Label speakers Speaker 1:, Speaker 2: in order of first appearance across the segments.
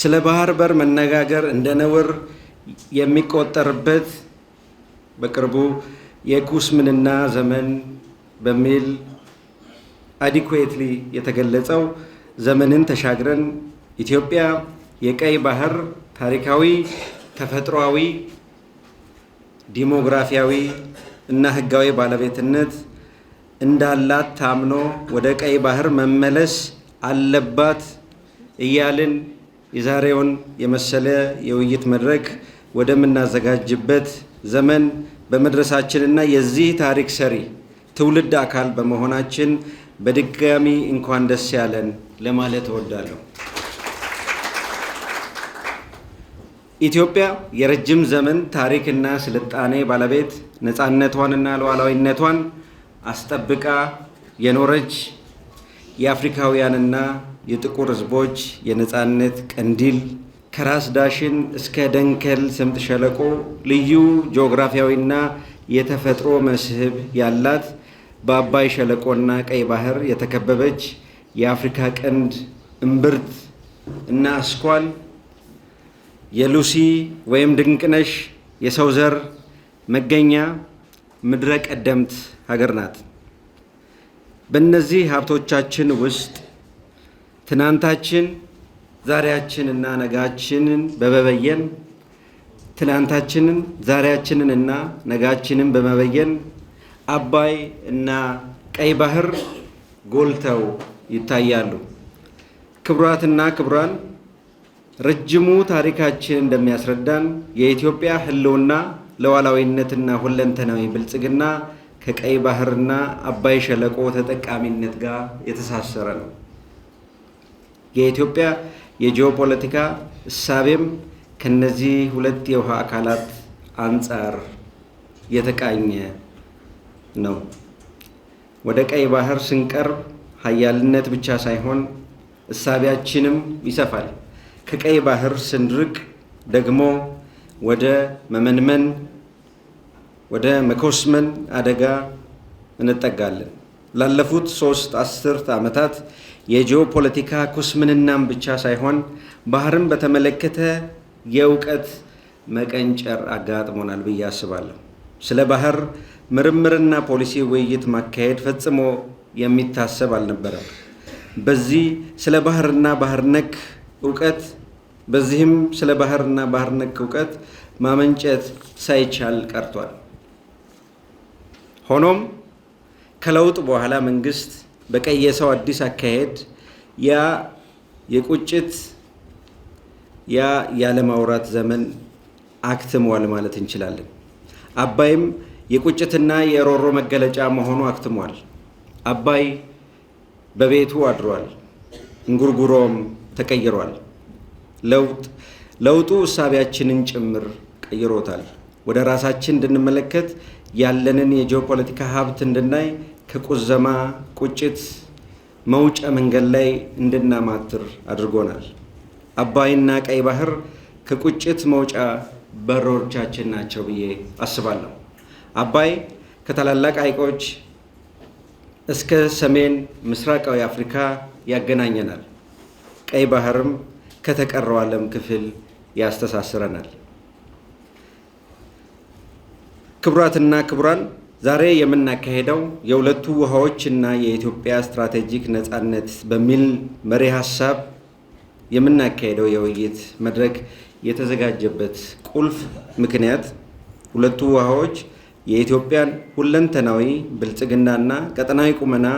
Speaker 1: ስለ ባህር በር መነጋገር እንደ ነውር የሚቆጠርበት በቅርቡ የኩስምንና ዘመን በሚል አዲኩዌትሊ የተገለጸው ዘመንን ተሻግረን ኢትዮጵያ የቀይ ባህር ታሪካዊ፣ ተፈጥሯዊ፣ ዲሞግራፊያዊ እና ሕጋዊ ባለቤትነት እንዳላት ታምኖ ወደ ቀይ ባህር መመለስ አለባት እያልን የዛሬውን የመሰለ የውይይት መድረክ ወደምናዘጋጅበት ዘመን በመድረሳችንና የዚህ ታሪክ ሰሪ ትውልድ አካል በመሆናችን በድጋሚ እንኳን ደስ ያለን ለማለት እወዳለሁ። ኢትዮጵያ የረጅም ዘመን ታሪክና ስልጣኔ ባለቤት ነፃነቷንና ሉዓላዊነቷን አስጠብቃ የኖረች የአፍሪካውያንና የጥቁር ህዝቦች፣ የነፃነት ቀንዲል ከራስ ዳሽን እስከ ደንከል ስምጥ ሸለቆ ልዩ ጂኦግራፊያዊና የተፈጥሮ መስህብ ያላት በአባይ ሸለቆና ቀይ ባህር የተከበበች የአፍሪካ ቀንድ እምብርት እና አስኳል የሉሲ ወይም ድንቅነሽ የሰው ዘር መገኛ ምድረ ቀደምት ሀገር ናት። በእነዚህ ሀብቶቻችን ውስጥ ትናንታችን ዛሬያችንና ነጋችንን በመበየን ትናንታችንን ዛሬያችንን እና ነጋችንን በመበየን አባይ እና ቀይ ባህር ጎልተው ይታያሉ። ክቡራትና ክቡራን ረጅሙ ታሪካችን እንደሚያስረዳን የኢትዮጵያ ሕልውና ለዋላዊነትና ሁለንተናዊ ብልጽግና ከቀይ ባህርና አባይ ሸለቆ ተጠቃሚነት ጋር የተሳሰረ ነው። የኢትዮጵያ የጂኦፖለቲካ እሳቤም ከነዚህ ሁለት የውሃ አካላት አንጻር የተቃኘ ነው። ወደ ቀይ ባህር ስንቀርብ ሀያልነት ብቻ ሳይሆን እሳቢያችንም ይሰፋል። ከቀይ ባህር ስንርቅ ደግሞ ወደ መመንመን፣ ወደ መኮስመን አደጋ እንጠጋለን። ላለፉት ሶስት አስርት ዓመታት የጂኦፖለቲካ ኩስምንናም ብቻ ሳይሆን ባህርን በተመለከተ የእውቀት መቀንጨር አጋጥሞናል ብዬ አስባለሁ። ስለ ባህር ምርምርና ፖሊሲ ውይይት ማካሄድ ፈጽሞ የሚታሰብ አልነበረም። በዚህ ስለ ባህርና ባህር ነክ እውቀት በዚህም ስለ ባህርና ባህር ነክ እውቀት ማመንጨት ሳይቻል ቀርቷል። ሆኖም ከለውጥ በኋላ መንግስት በቀየሰው አዲስ አካሄድ ያ የቁጭት ያ ያለማውራት ዘመን አክትሟል ማለት እንችላለን። አባይም የቁጭትና የሮሮ መገለጫ መሆኑ አክትሟል። አባይ በቤቱ አድሯል፣ እንጉርጉሮም ተቀይሯል። ለውጡ እሳቢያችንን ጭምር ቀይሮታል። ወደ ራሳችን እንድንመለከት ያለንን የጂኦፖለቲካ ሀብት እንድናይ ከቁዘማ ቁጭት መውጫ መንገድ ላይ እንድናማትር አድርጎናል። አባይና ቀይ ባህር ከቁጭት መውጫ በሮቻችን ናቸው ብዬ አስባለሁ። አባይ ከታላላቅ ሐይቆች እስከ ሰሜን ምስራቃዊ አፍሪካ ያገናኘናል። ቀይ ባህርም ከተቀረው ዓለም ክፍል ያስተሳስረናል። ክቡራትና ክቡራን ዛሬ የምናካሄደው የሁለቱ ውሃዎች እና የኢትዮጵያ ስትራቴጂክ ነጻነት በሚል መሪ ሀሳብ የምናካሄደው የውይይት መድረክ የተዘጋጀበት ቁልፍ ምክንያት ሁለቱ ውሃዎች የኢትዮጵያን ሁለንተናዊ ብልጽግናና ቀጠናዊ ቁመና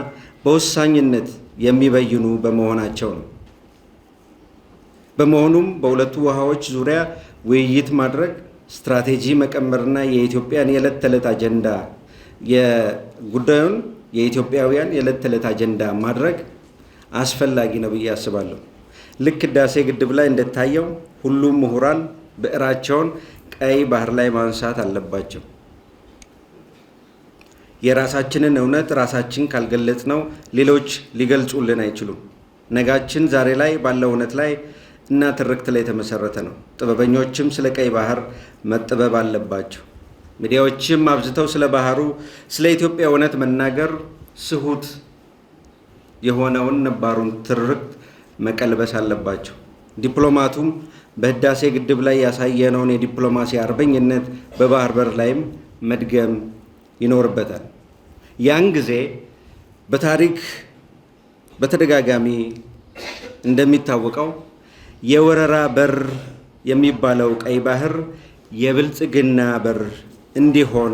Speaker 1: በወሳኝነት የሚበይኑ በመሆናቸው ነው። በመሆኑም በሁለቱ ውሃዎች ዙሪያ ውይይት ማድረግ ስትራቴጂ መቀመርና የኢትዮጵያን የዕለት ተዕለት አጀንዳ የጉዳዩን የኢትዮጵያውያን የዕለት ተዕለት አጀንዳ ማድረግ አስፈላጊ ነው ብዬ አስባለሁ። ልክ ህዳሴ ግድብ ላይ እንደታየው ሁሉም ምሁራን ብዕራቸውን ቀይ ባህር ላይ ማንሳት አለባቸው። የራሳችንን እውነት ራሳችን ካልገለጽ ነው ሌሎች ሊገልጹልን አይችሉም። ነጋችን ዛሬ ላይ ባለው እውነት ላይ እና ትርክት ላይ የተመሰረተ ነው። ጥበበኞችም ስለ ቀይ ባህር መጥበብ አለባቸው። ሚዲያዎችም አብዝተው ስለ ባህሩ፣ ስለ ኢትዮጵያ እውነት መናገር ስሁት የሆነውን ነባሩን ትርክት መቀልበስ አለባቸው። ዲፕሎማቱም በህዳሴ ግድብ ላይ ያሳየነውን የዲፕሎማሲ አርበኝነት በባህር በር ላይም መድገም ይኖርበታል። ያን ጊዜ በታሪክ በተደጋጋሚ እንደሚታወቀው የወረራ በር የሚባለው ቀይ ባህር የብልጽግና በር እንዲሆን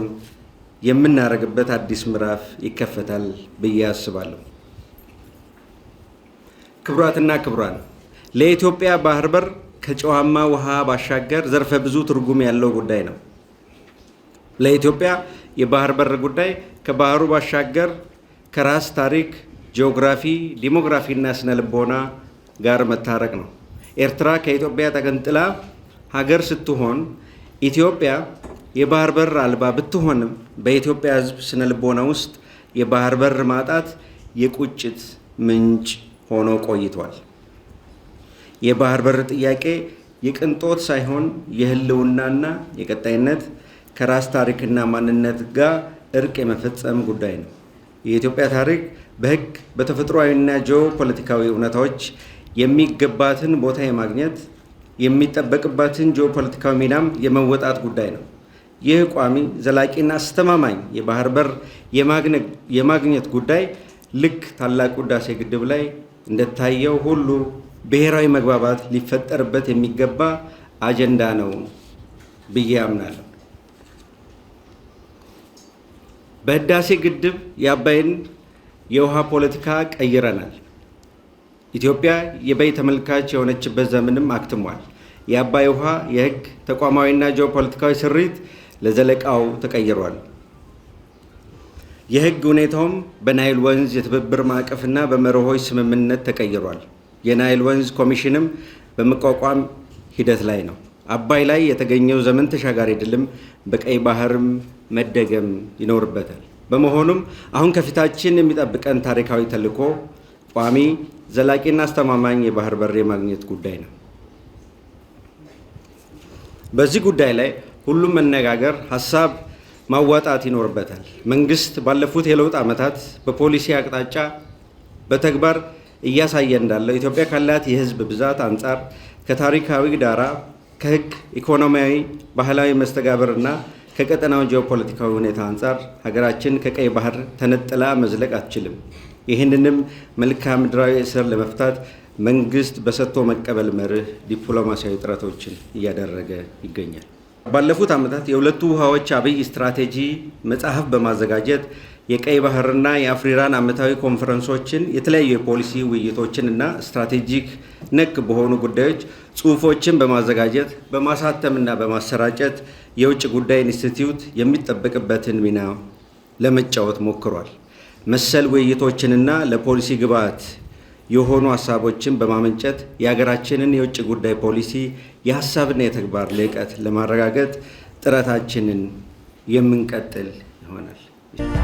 Speaker 1: የምናደርግበት አዲስ ምዕራፍ ይከፈታል ብዬ አስባለሁ። ክቡራትና ክቡራን ለኢትዮጵያ ባህር በር ከጨዋማ ውሃ ባሻገር ዘርፈ ብዙ ትርጉም ያለው ጉዳይ ነው። ለኢትዮጵያ የባህር በር ጉዳይ ከባህሩ ባሻገር ከራስ ታሪክ፣ ጂኦግራፊ፣ ዲሞግራፊና ስነ ልቦና ጋር መታረቅ ነው። ኤርትራ ከኢትዮጵያ ተገንጥላ ሀገር ስትሆን ኢትዮጵያ የባህር በር አልባ ብትሆንም በኢትዮጵያ ሕዝብ ስነ ልቦና ውስጥ የባህር በር ማጣት የቁጭት ምንጭ ሆኖ ቆይቷል። የባህር በር ጥያቄ የቅንጦት ሳይሆን የህልውናና የቀጣይነት ከራስ ታሪክና ማንነት ጋር እርቅ የመፈጸም ጉዳይ ነው። የኢትዮጵያ ታሪክ በህግ በተፈጥሯዊና ጂኦ ፖለቲካዊ እውነታዎች የሚገባትን ቦታ የማግኘት የሚጠበቅባትን ጂኦ ፖለቲካዊ ሚናም የመወጣት ጉዳይ ነው። ይህ ቋሚ ዘላቂና አስተማማኝ የባህር በር የማግኘት ጉዳይ ልክ ታላቁ ህዳሴ ግድብ ላይ እንደታየው ሁሉ ብሔራዊ መግባባት ሊፈጠርበት የሚገባ አጀንዳ ነው ብዬ አምናለሁ። በህዳሴ ግድብ የአባይን የውሃ ፖለቲካ ቀይረናል። ኢትዮጵያ የበይ ተመልካች የሆነችበት ዘመንም አክትሟል። የአባይ ውሃ የህግ ተቋማዊና ጂኦፖለቲካዊ ስሪት ለዘለቃው ተቀይሯል። የህግ ሁኔታውም በናይል ወንዝ የትብብር ማዕቀፍና በመርሆች ስምምነት ተቀይሯል። የናይል ወንዝ ኮሚሽንም በመቋቋም ሂደት ላይ ነው። አባይ ላይ የተገኘው ዘመን ተሻጋሪ ድልም በቀይ ባህርም መደገም ይኖርበታል። በመሆኑም አሁን ከፊታችን የሚጠብቀን ታሪካዊ ተልዕኮ ቋሚ፣ ዘላቂና አስተማማኝ የባህር በር የማግኘት ጉዳይ ነው። በዚህ ጉዳይ ላይ ሁሉም መነጋገር፣ ሀሳብ ማዋጣት ይኖርበታል። መንግስት ባለፉት የለውጥ ዓመታት በፖሊሲ አቅጣጫ በተግባር እያሳየ እንዳለው ኢትዮጵያ ካላት የህዝብ ብዛት አንጻር ከታሪካዊ ዳራ ከህግ፣ ኢኮኖሚያዊ፣ ባህላዊ መስተጋብርና ከቀጠናው ጂኦፖለቲካዊ ሁኔታ አንጻር ሀገራችን ከቀይ ባህር ተነጥላ መዝለቅ አትችልም። ይህንንም መልክዓ ምድራዊ እስር ለመፍታት መንግስት በሰጥቶ መቀበል መርህ ዲፕሎማሲያዊ ጥረቶችን እያደረገ ይገኛል። ባለፉት ዓመታት የሁለቱ ውሃዎች አብይ ስትራቴጂ መጽሐፍ በማዘጋጀት የቀይ ባህርና የአፍሪራን ዓመታዊ ኮንፈረንሶችን የተለያዩ የፖሊሲ ውይይቶችን እና ስትራቴጂክ ነክ በሆኑ ጉዳዮች ጽሁፎችን በማዘጋጀት በማሳተምና በማሰራጨት የውጭ ጉዳይ ኢንስቲትዩት የሚጠበቅበትን ሚና ለመጫወት ሞክሯል። መሰል ውይይቶችንና ለፖሊሲ ግብዓት የሆኑ ሀሳቦችን በማመንጨት የሀገራችንን የውጭ ጉዳይ ፖሊሲ የሀሳብና የተግባር ልዕቀት ለማረጋገጥ ጥረታችንን የምንቀጥል ይሆናል።